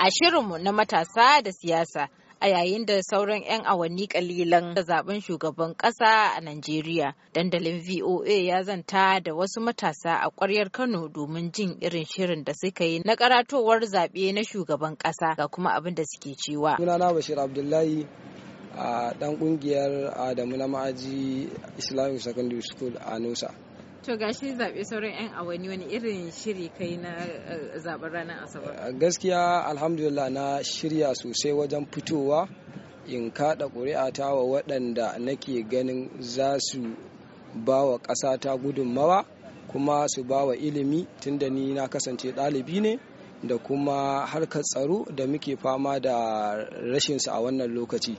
A shirinmu na matasa da siyasa a yayin da sauran 'yan awanni kalilan da zaben shugaban ƙasa a Najeriya. Dandalin VOA ya zanta da wasu matasa a ƙwaryar Kano domin jin irin shirin da suka yi na karatowar zaɓe na shugaban ƙasa ga kuma abin da suke cewa. Sunana Bashir Abdullahi a ɗan ƙungiyar Adamu na ma'aji Islamic Secondary School a Nusa. To gashi zaɓe sauran 'yan awani wani irin shiri kai na eh, zaɓen ranar Asabar? Eh, gaskiya alhamdulillah na shirya sosai wajen fitowa in kaɗa ƙuri'a ta wa waɗanda nake ganin za su ba wa ƙasa ta gudunmawa kuma su ba wa ilimi tunda ni na kasance ɗalibi ne da kuma harkar tsaro da muke fama da rashinsa a wannan lokaci.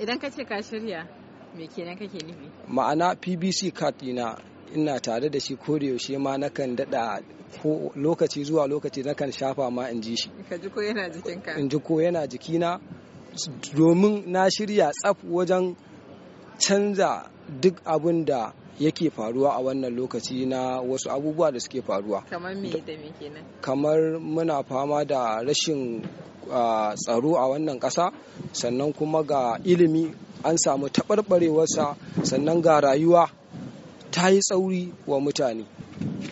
Idan ka ce ka shirya, me kenan kake nufi? Ma'ana PBC card ɗina ina tare da shi ko yaushe ma nakan daɗa lokaci zuwa lokaci nakan shafa ma in ji shi in ji ko yana jikina domin na shirya tsaf wajen canza duk abin da yake faruwa a wannan lokaci na wasu abubuwa da suke faruwa kamar muna fama da rashin tsaro a wannan ƙasa sannan kuma ga ilimi an samu taɓarɓarewarsa sannan ga rayuwa ta yi tsauri wa mutane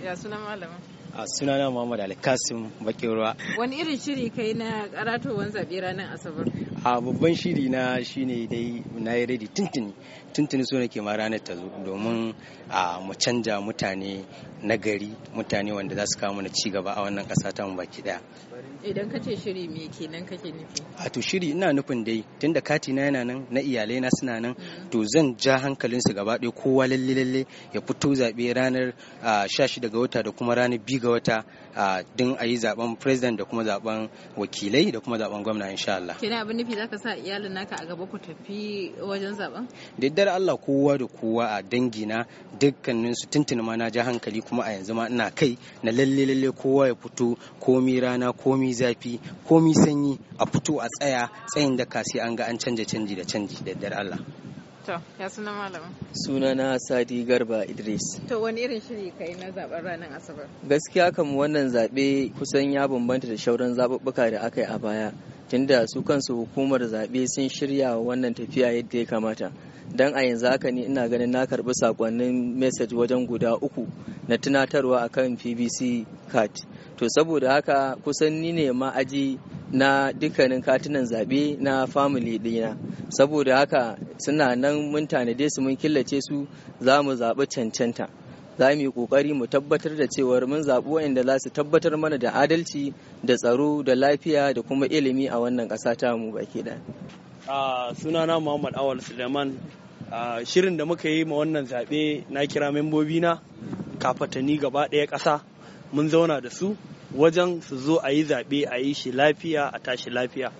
ya sunan malama? a sunana Muhammad Alkasim bakin ruwa. Wani irin shiri kai na karatowar zaɓe ranar Asabar? A babban shiri na shine dai na yi redi tuntuni tuntuni so nake ma ranar ta zo domin a mu canja mutane na gari mutane wanda za su kawo mana ci gaba a wannan ƙasa ta mu baki ɗaya. Idan ka ce shiri me kenan kake nufi? A to shiri ina nufin dai tunda kati na yana nan na iyalai na suna nan to zan ja hankalin su gaba ɗaya kowa lalle lalle ya fito zaɓe ranar 16 ga wata da kuma ranar 2 ga wata don a yi zaben president da kuma zaben wakilai da kuma zaben gwamna insha Allah. Kina abin nufi zaka sa iyalin naka a gaba ku tafi wajen zaben? Daddar Allah kowa da kowa a dangina dukkanin su tuntuna ma na ja hankali kuma a yanzu ma ina kai na lalle lalle kowa ya fito komi rana ko komi zafi komi sanyi a fito a tsaya tsayin daka sai an ga an canja canji da canji da dar Allah To, ya suna malamin? na Sadi Garba Idris. To, wani irin shiri kai na zaben ranar Asabar? Gaskiya kam wannan zaɓe kusan ya bambanta da shauran zaɓuɓɓuka da aka yi a baya. tunda su kansu hukumar zaɓe sun shirya wannan tafiya yadda ya kamata don a yanzu haka ne ina ganin na karɓi sakonnin message wajen guda uku na tunatarwa akan pbc card to saboda haka kusan ni ne ma'aji na dukkanin katunan zaɓe na family ɗina saboda haka suna nan mun tanade su mun killace su za mu zaɓi cancanta za mu yi kokari mu tabbatar da cewar mun zaɓi waɗanda za su tabbatar mana da adalci da tsaro da lafiya da kuma ilimi a wannan ƙasa ta mu baki da. sunana Muhammad Awal Suleiman shirin da muka yi ma wannan zaɓe na kira membobi na kafatani gaba ɗaya ƙasa mun zauna da su wajen su zo a yi zaɓe a yi shi lafiya a tashi lafiya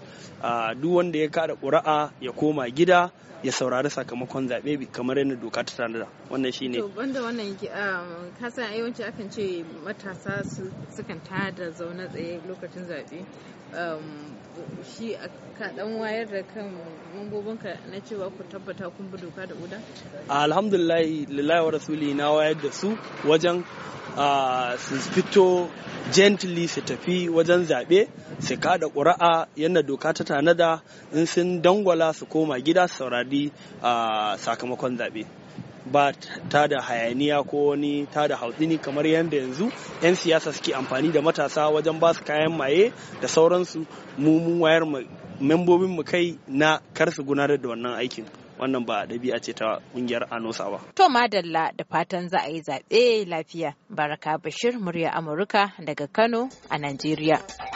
duk wanda ya kada ƙura'a ya koma gida ya saurari sakamakon zaɓe kamar yadda doka ta tanada wannan shine to banda wannan um, ka san yawanci akan ce matasa su sukan da zaune tsaye lokacin zaɓe um, shi ka dan wayar da kan mambobinka na cewa ku tabbata kun bi doka da oda alhamdulillah lillahi wa rasuli na wayar da su wajen su fito gently su tafi wajen zaɓe su kada ƙura'a yadda doka ta da in sun dangwala su koma gida su saurari a sakamakon zaɓe ba ta da hayaniya ko wani ta da hautsini kamar yadda yanzu 'yan siyasa suke amfani da matasa wajen ba su kayan maye da sauransu mumun wayar membobin mu kai na kar su gudanar da wannan aikin wannan ba ɗabi'a ce ta ƙungiyar anosa ba. To madalla da fatan za a yi zaɓe lafiya. Baraka Bashir murya Amurka daga Kano a Najeriya.